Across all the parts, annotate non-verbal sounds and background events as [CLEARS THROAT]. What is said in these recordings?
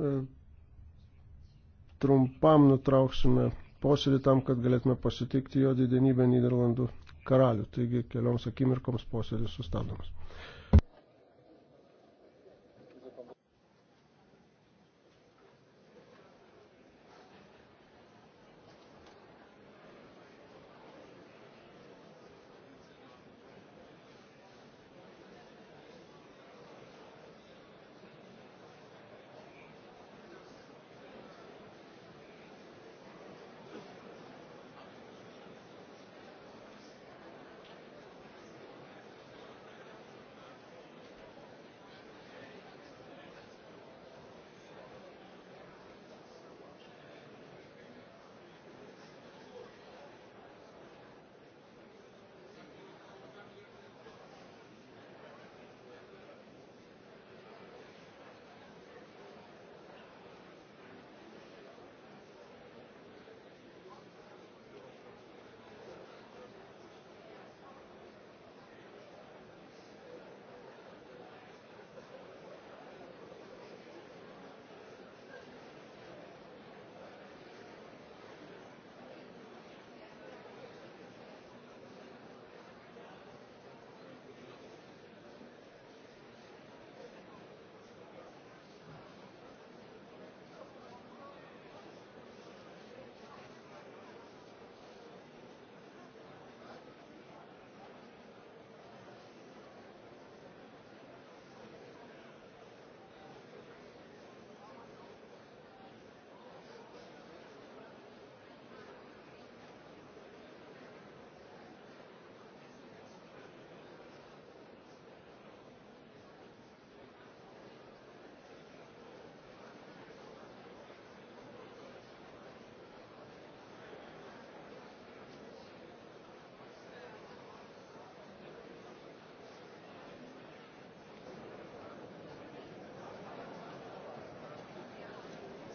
E, trumpam nutrauksime posėdį tam, kad galėtume pasitikti jo didenybę Niderlandų karalių. Taigi kelioms akimirkoms posėdis sustabdomas.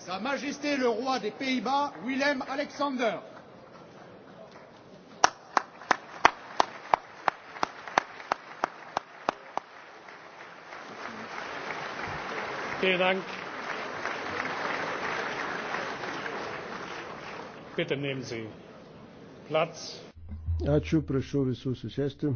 Sa Majesté le roi des Pays-Bas, Willem Alexander. Vielen Dank. Bitte nehmen Sie Platz. Ačiū, prašau visus susėsti.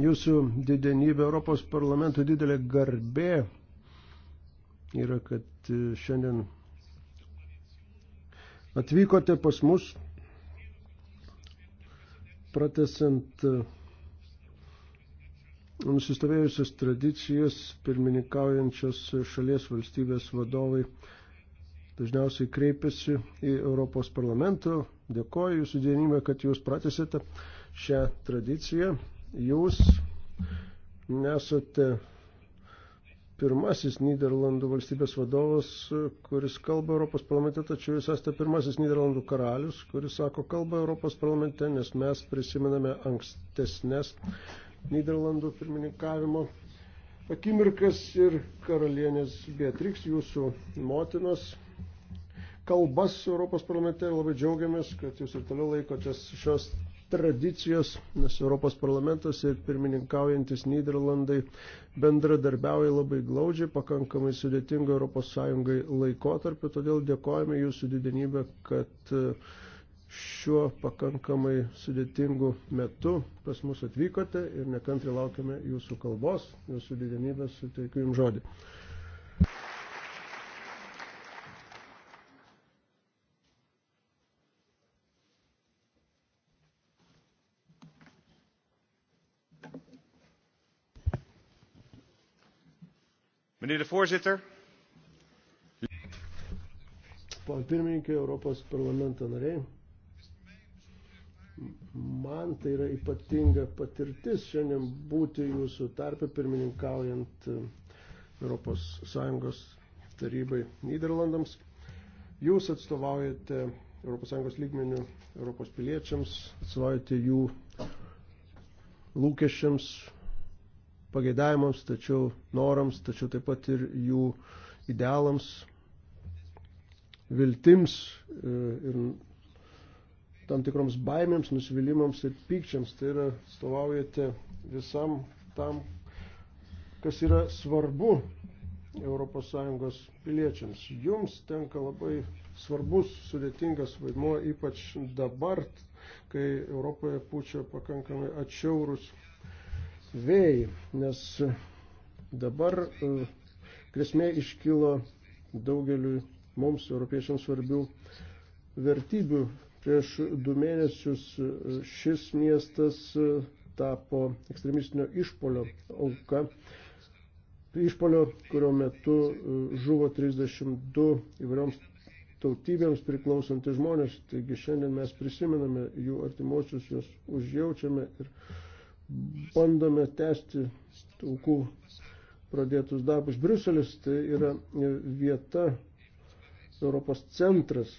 Jūsų didenybė Europos parlamento didelė garbė yra, kad e, šiandien atvykote pas mus, pratesant e, nusistovėjusias tradicijas, pirmininkaujančios šalies valstybės vadovai dažniausiai kreipiasi į Europos parlamento. Dėkoju jūsų dienybę, kad jūs pratesėte šią tradiciją. Jūs nesate pirmasis Niderlandų valstybės vadovas, kuris kalba Europos parlamente, tačiau jūs esate pirmasis Niderlandų karalius, kuris sako kalba Europos parlamente, nes mes prisimename ankstesnės Niderlandų pirmininkavimo akimirkas ir karalienės Beatriks, jūsų motinos kalbas Europos parlamente ir labai džiaugiamės, kad jūs ir toliau laikotės šios tradicijos, nes Europos parlamentas ir pirmininkaujantis Niderlandai bendradarbiauja labai glaudžiai, pakankamai sudėtingo ES laikotarpiu, todėl dėkojame jūsų didenybę, kad e, šiuo pakankamai sudėtingu metu pas mus atvykote ir nekantri laukiame jūsų kalbos, jūsų didenybės, suteikiu jums žodį. Meneer de voorzitter. Pana pirmininkė, Europos parlamento nariai. Man tai yra ypatinga patirtis šiandien būti jūsų tarpe pirmininkaujant ES tarybai Niderlandams. Jūs atstovaujate ES lygmenių Europos piliečiams, atstovaujate jų lūkesčiams, pageidavimams, tačiau norams, tačiau taip pat ir jų idealams, viltims e, ir tam tikroms baimėms, nusivylimams ir pykčiams. Tai yra, stovaujate visam tam, kas yra svarbu ES piliečiams. Jums tenka labai svarbus, sudėtingas vaidmuo, ypač dabar, kai Europoje pučia pakankamai atšiaurus vėjai, nes dabar e, grėsmė iškilo daugeliu mums, europiečiams, svarbių vertybių. Prieš du mėnesius e, šis miestas e, tapo ekstremistinio išpolio auka. Išpolio, kurio metu žuvo 32 įvairioms tautybėms priklausantys žmonės. Taigi šiandien mes prisimename jų artimuosius, juos užjaučiame ir bandome tęsti aukų pradėtus darbus. Briuselis tai yra vieta, Europos centras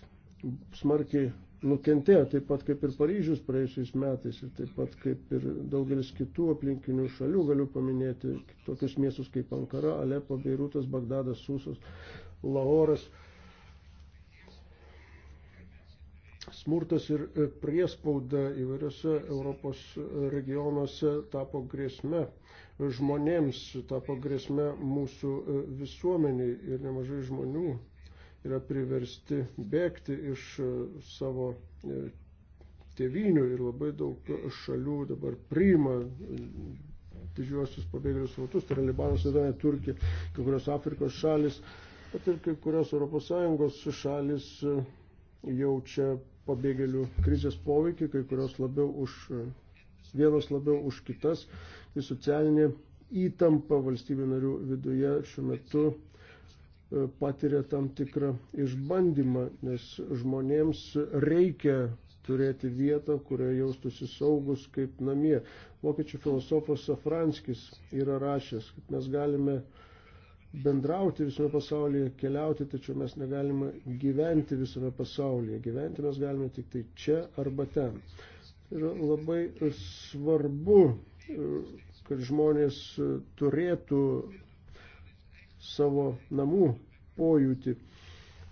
smarkiai nukentėjo, taip pat kaip ir Paryžius praėjusiais metais ir taip pat kaip ir daugelis kitų aplinkinių šalių, galiu paminėti tokius miestus kaip Ankara, Alepo, Beirutas, Bagdadas, Susas, Laoras. smurtas ir e, priespauda įvairiose Europos regionuose tapo grėsme žmonėms, tapo grėsme mūsų e, visuomeniai ir nemažai žmonių yra priversti bėgti iš e, savo tėvynių ir labai daug šalių dabar priima didžiuosius pabėgėlius rautus, tai yra Libanas, Jordanija, Turkija, kai kurios Afrikos šalis, bet ir kai kurios ES šalis jaučia pabėgėlių krizės poveikį, kai kurios labiau už, vienos labiau už kitas. Tai socialinė įtampa valstybių narių viduje šiuo metu e, patiria tam tikrą išbandymą, nes žmonėms reikia turėti vietą, kurioje jaustųsi saugus kaip namie. Vokiečių filosofas Safranskis yra rašęs, kad mes galime uh, bendrauti visame pasaulyje, keliauti, tačiau mes negalime gyventi visame pasaulyje. Gyventi mes galime tik tai čia arba ten. Tai yra labai svarbu, kad žmonės turėtų savo namų pojūtį.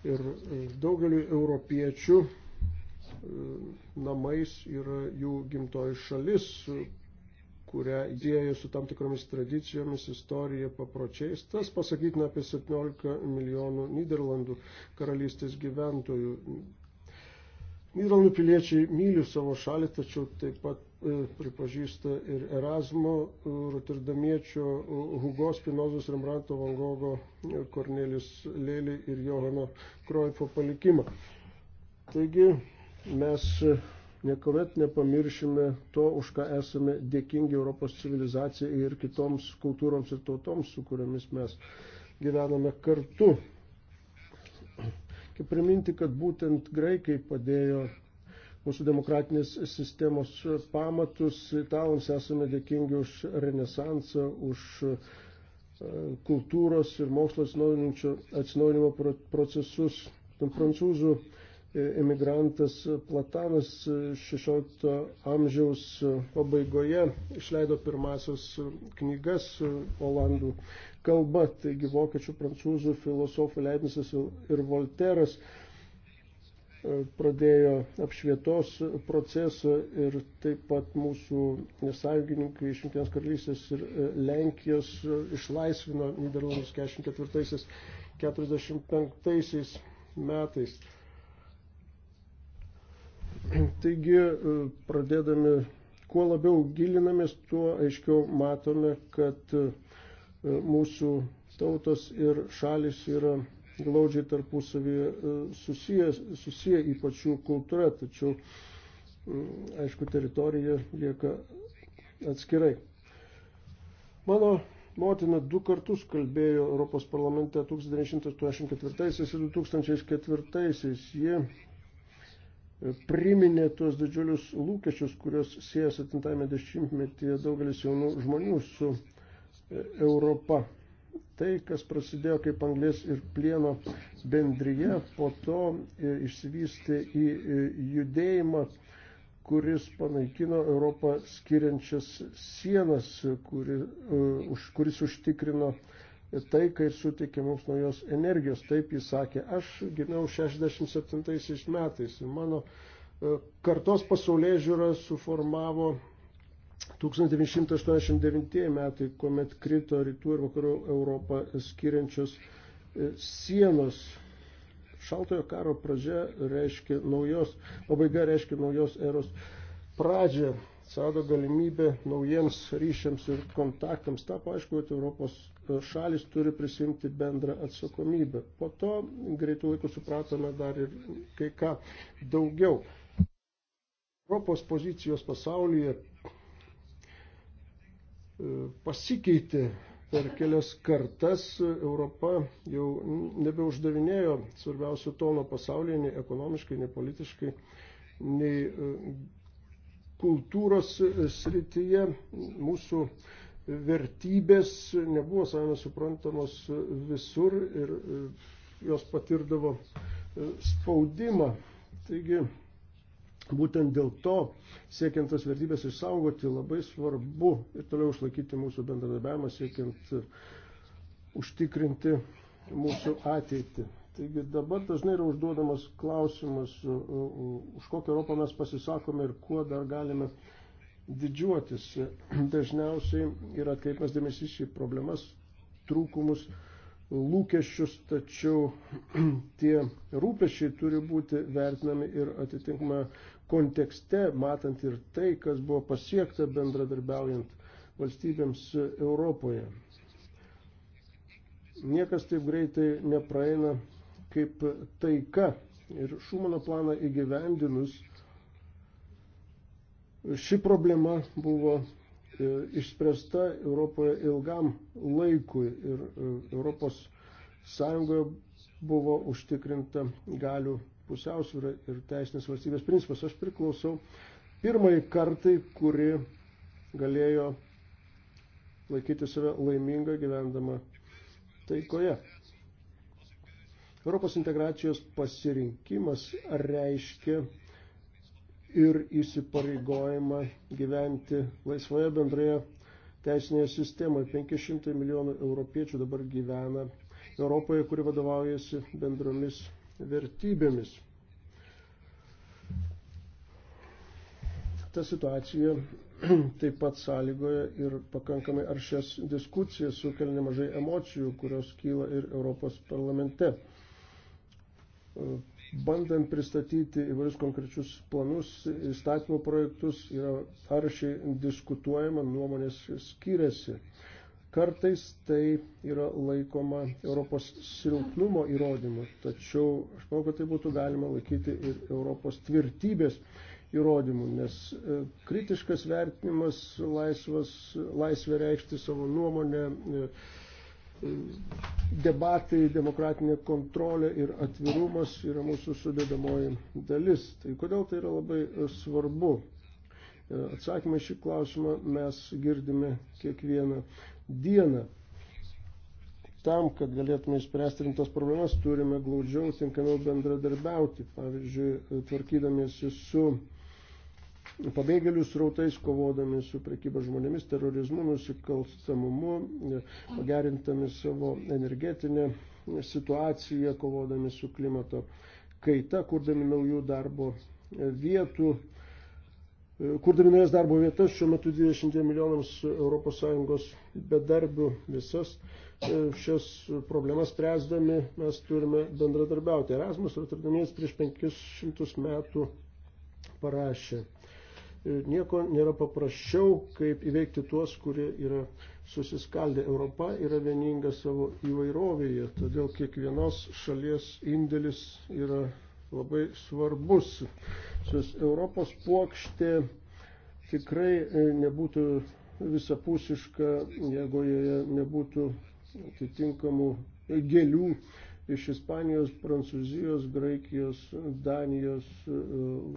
Ir daugeliu europiečių e, namais yra jų gimtoji šalis, kurią dėja su tam tikromis tradicijomis, istorija, papročiais. Tas pasakytina apie 17 milijonų Niderlandų karalystės gyventojų. Niderlandų piliečiai myli savo šalį, tačiau taip pat e, pripažįsta ir Erasmo, e, Rotterdamiečio, e, Hugo Spinozos, Rembranto Van Gogo, Kornelis e, Lėlį ir Johano Kroifo palikimą. Taigi mes niekuomet nepamiršime to, už ką esame dėkingi Europos civilizacijai ir kitoms kultūroms ir tautoms, su kuriamis mes gyvename kartu. Kaip priminti, kad būtent graikai padėjo mūsų demokratinės sistemos pamatus, italams esame dėkingi už renesansą, už e, kultūros ir mokslo atsinaujinimo procesus. Ten prancūzų emigrantas Platanas 16 amžiaus pabaigoje išleido pirmasis knygas olandų kalba, taigi vokiečių, prancūzų filosofai Leibnisas ir Volteras e, pradėjo apšvietos procesą ir taip pat mūsų sąjungininkai iš Junktinės karalystės ir e, Lenkijos e, išlaisvino Niderlandus 44-45 metais. Taigi, e, pradėdami, kuo labiau gilinamės, tuo aiškiau matome, kad e, mūsų tautos ir šalis yra glaudžiai tarpusavyje e, susiję, susiję ypač jų kultūra, tačiau, mm, aišku, teritorija lieka atskirai. Mano motina du kartus kalbėjo Europos parlamente 1984 ir 2004. Ji priminė tuos didžiulius lūkesčius, kurios sieja 70-metyje daugelis jaunų žmonių su e, Europa. Tai, kas prasidėjo kaip anglės ir plieno bendryje, po to e, išsivystė į e, judėjimą, kuris panaikino Europą skiriančias sienas, kuri, už, kuris užtikrino uh, ir tai, kai sutikė mums naujos energijos. Taip jis sakė, aš gimiau 67 metais ir mano e, kartos pasaulyje žiūra suformavo 1989 metai, kuomet krito rytų ir vakarų Europą skiriančios e, sienos. Šaltojo karo pradžia reiškia naujos, pabaiga reiškia naujos eros pradžią, atsirado galimybė naujiems ryšiams ir kontaktams. Tapo aišku, kad Europos šalis turi prisimti bendrą atsakomybę. Po to greitų laikų supratome dar ir kai ką daugiau. Europos pozicijos pasaulyje e, pasikeitė per kelias kartas Europa jau nebeuždavinėjo svarbiausių tono pasaulyje nei ekonomiškai, nei politiškai, nei e, kultūros srityje. Mūsų vertybės nebuvo savame suprantamos visur ir e, jos patirdavo e, spaudimą. Taigi, būtent dėl to, siekiant tas vertybės išsaugoti, labai svarbu ir toliau išlaikyti mūsų bendradarbiavimą, siekiant e, užtikrinti mūsų ateitį. Taigi dabar dažnai yra užduodamas klausimas, už kokią Europą mes pasisakome ir kuo dar galime uh, didžiuotis. [CLEARS THROAT] Dažniausiai yra kreipimas dėmesys į problemas, trūkumus, lūkesčius, tačiau [CLEARS THROAT] tie rūpešiai turi būti vertinami ir atitinkama kontekste, matant ir tai, kas buvo pasiekta bendradarbiaujant valstybėms Europoje. Niekas taip greitai nepraeina kaip taika. Ir Šumano planą įgyvendinus Ši problema buvo e, išspręsta Europoje ilgam laikui ir e, Europos Sąjungoje buvo užtikrinta galių pusiausvyrą ir teisinės valstybės principas. Aš priklausau pirmai kartai, kuri galėjo laikyti save laimingą gyvendama taikoje. Europos integracijos pasirinkimas reiškia ir įsipareigojimą gyventi laisvoje bendroje teisinėje sistemoje. 500 milijonų europiečių dabar gyvena Europoje, kuri vadovaujasi bendromis vertybėmis. Ta situacija [CLEARS THROAT] taip pat sąlygoja ir pakankamai aršias diskusijas sukelia nemažai emocijų, kurios kyla ir Europos parlamente bandant pristatyti įvairius konkrečius planus, įstatymų projektus, yra aršiai diskutuojama, nuomonės skiriasi. Kartais tai yra laikoma Europos silpnumo įrodymu, tačiau aš manau, kad tai būtų galima laikyti ir Europos tvirtybės įrodymų, nes e, kritiškas vertinimas, laisvas, laisvė reikšti savo nuomonę, e, debatai, demokratinė kontrolė ir atvirumas yra mūsų sudėdamoji dalis. Tai kodėl tai yra labai e, svarbu? E, atsakymą šį klausimą mes girdime kiekvieną dieną. Tam, kad galėtume išspręsti rimtas problemas, turime glaudžiau tinkamiau bendradarbiauti. Pavyzdžiui, e, tvarkydamėsi su uh, pabėgėlių srautais, kovodami su prekyba žmonėmis, terorizmu, nusikalstamumu, pagerintami savo energetinę situaciją, kovodami su klimato kaita, kurdami naujų darbo vietų. Kurdami naujas darbo vietas, šiuo metu 20 milijonams ES bedarbių visas e, šias problemas tręsdami mes turime bendradarbiauti. Erasmus Rotterdamės prieš 500 metų parašė Nieko nėra paprasčiau, kaip įveikti tuos, kurie yra susiskaldę. Europa yra vieninga savo įvairovėje, todėl kiekvienos šalies indėlis yra labai svarbus. Šis Europos plokštė tikrai e, nebūtų visapusiška, jeigu joje nebūtų atitinkamų gėlių iš Ispanijos, Prancūzijos, Graikijos, Danijos, e,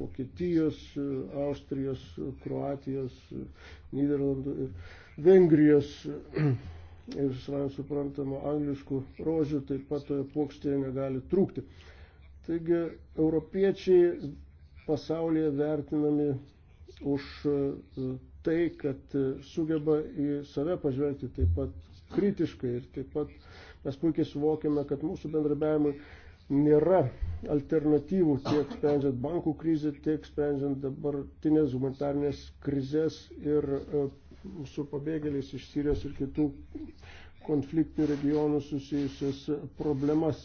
Vokietijos, e, Austrijos, e, Kroatijos, Niderlandų ir Vengrijos ir savai suprantama angliškų rožių taip pat toje plokštėje negali trūkti. Taigi europiečiai pasaulyje vertinami už tai, kad sugeba į save pažvelgti taip pat kritiškai ir taip pat Mes puikiai suvokiame, kad mūsų bendrabiavimui nėra alternatyvų tiek sprendžiant bankų krizę, tiek sprendžiant dabartinės humanitarnės krizės ir e, su pabėgėliais iš Sirijos ir kitų konfliktų regionų susijusias problemas.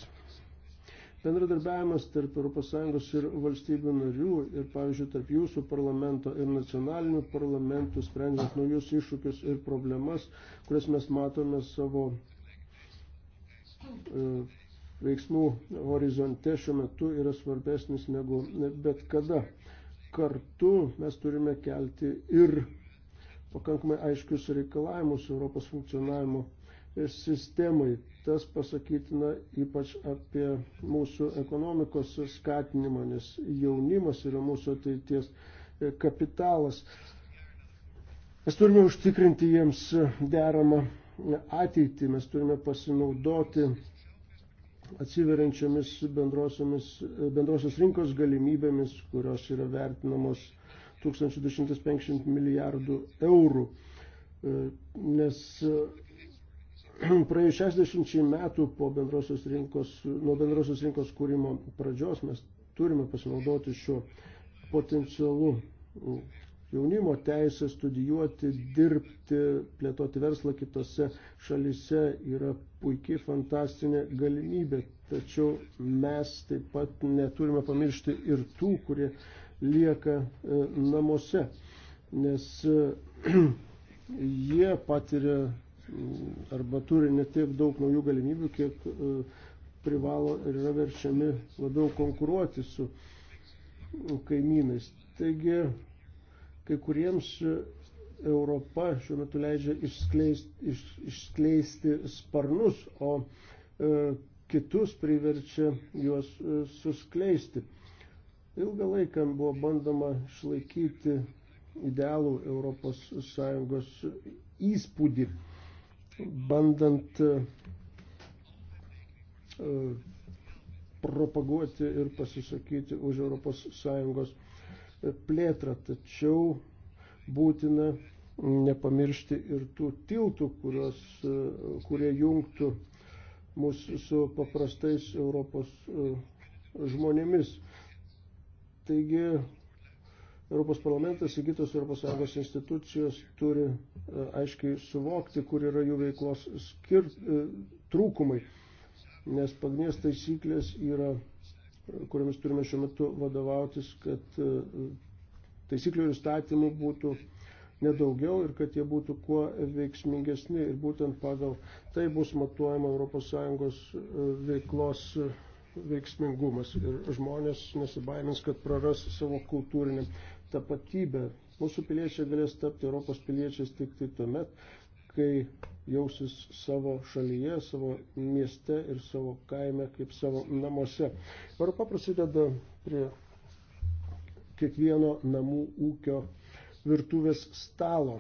Bendradarbiavimas tarp ES ir valstybių narių ir, pavyzdžiui, tarp jūsų parlamento ir nacionalinių parlamentų, sprendžiant naujus iššūkius ir problemas, kurias mes matome savo E, veiksmų horizonte šiuo metu yra svarbesnis negu bet kada. Kartu mes turime kelti ir pakankamai aiškius reikalavimus Europos funkcionavimo sistemai. Tas pasakytina ypač apie mūsų ekonomikos skatinimą, nes jaunimas yra mūsų ateities kapitalas. Mes turime užtikrinti jiems deramą ateitį. Mes turime pasinaudoti atsiveriančiomis bendrosios rinkos galimybėmis, kurios yra vertinamos 1250 milijardų eurų. E, nes e, [CLEARS THROAT] praėjus 60 metų po bendrosios rinkos, nuo bendrosios rinkos kūrimo pradžios mes turime pasinaudoti šiuo potencialu jaunimo teisė studijuoti, dirbti, plėtoti verslą kitose šalise yra puikiai fantastinė galimybė. Tačiau mes taip pat neturime pamiršti ir tų, kurie lieka e, namuose, nes e, [CLEARS THROAT] jie patiria mm, arba turi ne tiek daug naujų galimybių, kiek e, privalo ir yra verčiami labiau konkuruoti su kaimynais. Taigi Kai kuriems e, Europa šiuo metu leidžia išskleisti, iš, išskleisti sparnus, o e, kitus priverčia juos e, suskleisti. Ilgą laiką buvo bandoma išlaikyti idealų ES įspūdį, bandant e, e, propaguoti ir pasisakyti už ES plėtrą, tačiau būtina nepamiršti ir tų tiltų, kurios, e, kurie jungtų mūsų su paprastais Europos e, žmonėmis. Taigi Europos parlamentas ir kitos ES institucijos turi e, aiškiai suvokti, kur yra jų veiklos skir... trūkumai, nes pagnės taisyklės yra kuriamis turime šiuo metu vadovautis, kad e, taisyklių ir statymų būtų nedaugiau ir kad jie būtų kuo veiksmingesni. Ir būtent pagal tai bus matuojama ES e, veiklos e, veiksmingumas ir žmonės nesibaimins, kad praras savo kultūrinę tapatybę. Mūsų piliečiai galės tapti Europos piliečiais tik tai tuomet, kai jausis savo šalyje, savo mieste ir savo kaime kaip savo namuose. Europa prasideda prie kiekvieno namų ūkio virtuvės stalo.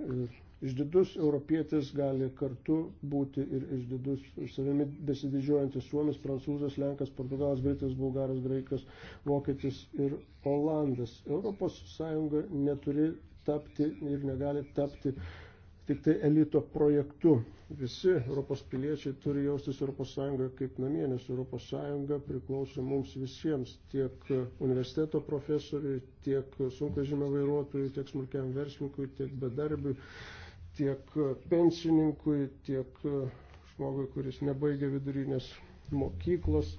Ir išdidus europietis gali kartu būti ir išdidus savimi besididžiuojantis suomis, prancūzas, lenkas, portugalas, britas, bulgaras, graikas, vokietis ir olandas. Europos Sąjunga neturi tapti ir negali tapti tik tai elito projektu. Visi Europos piliečiai turi jaustis Europos Sąjungoje kaip namie, nes Europos Sąjunga priklauso mums visiems, tiek universiteto profesoriui, tiek sunkvežimio vairuotojui, tiek smulkiam verslininkui, tiek bedarbiui, tiek pensininkui, tiek žmogui, kuris nebaigia vidurinės mokyklos.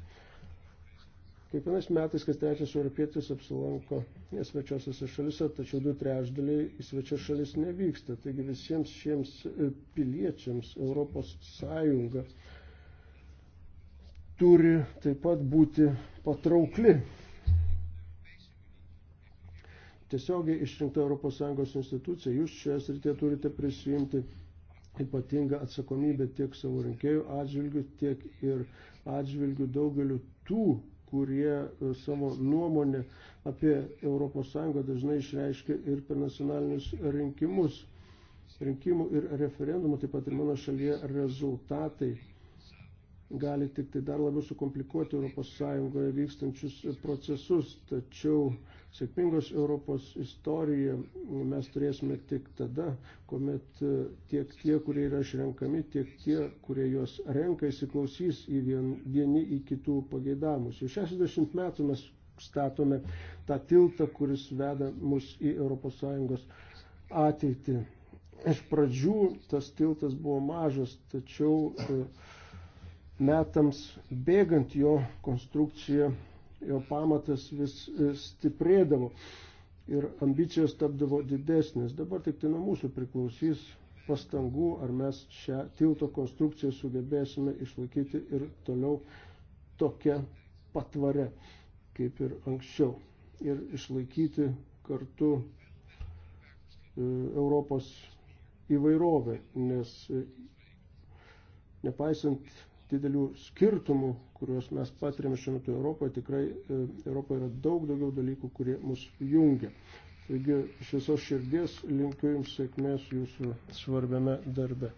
Kiekvienais metais kas trečias europietis apsilanko svečiosiose šalise, tačiau du trešdaliai į svečias šalis nevyksta. Taigi visiems šiems e, piliečiams Europos Sąjunga turi taip pat būti patraukli. Tiesiogiai išrinkta Europos Sąjungos institucija, jūs šioje srityje turite prisijimti ypatingą atsakomybę tiek savo rinkėjų atžvilgių, tiek ir atžvilgių daugeliu tų kurie e, savo nuomonę apie ES dažnai išreiškia ir per nacionalinius rinkimus. Rinkimų ir referendumų, taip pat ir mano šalyje rezultatai gali tik tai dar labiau sukomplikuoti ES vykstančius procesus. Tačiau sėkmingos Europos istoriją mes turėsime tik tada, kuomet e, tiek tie, kurie yra išrenkami, tiek tie, kurie juos renka, įsiklausys į vien, vieni į kitų pageidamus. Jau 60 metų mes statome tą tiltą, kuris veda mus į ES ateitį. Iš pradžių tas tiltas buvo mažas, tačiau uh, metams bėgant jo konstrukcija, jo pamatas vis e, stiprėdavo ir ambicijos tapdavo didesnės. Dabar tik tai nuo mūsų priklausys pastangų, ar mes šią tilto konstrukciją sugebėsime išlaikyti ir toliau tokia patvare, kaip ir anksčiau. Ir išlaikyti kartu e, Europos įvairovę, nes e, nepaisant didelių skirtumų, kuriuos mes patiriame šiuo metu Europoje, tikrai e, Europoje yra daug daugiau dalykų, kurie mus jungia. Taigi iš visos širdies linkiu Jums sėkmės Jūsų svarbiame darbe.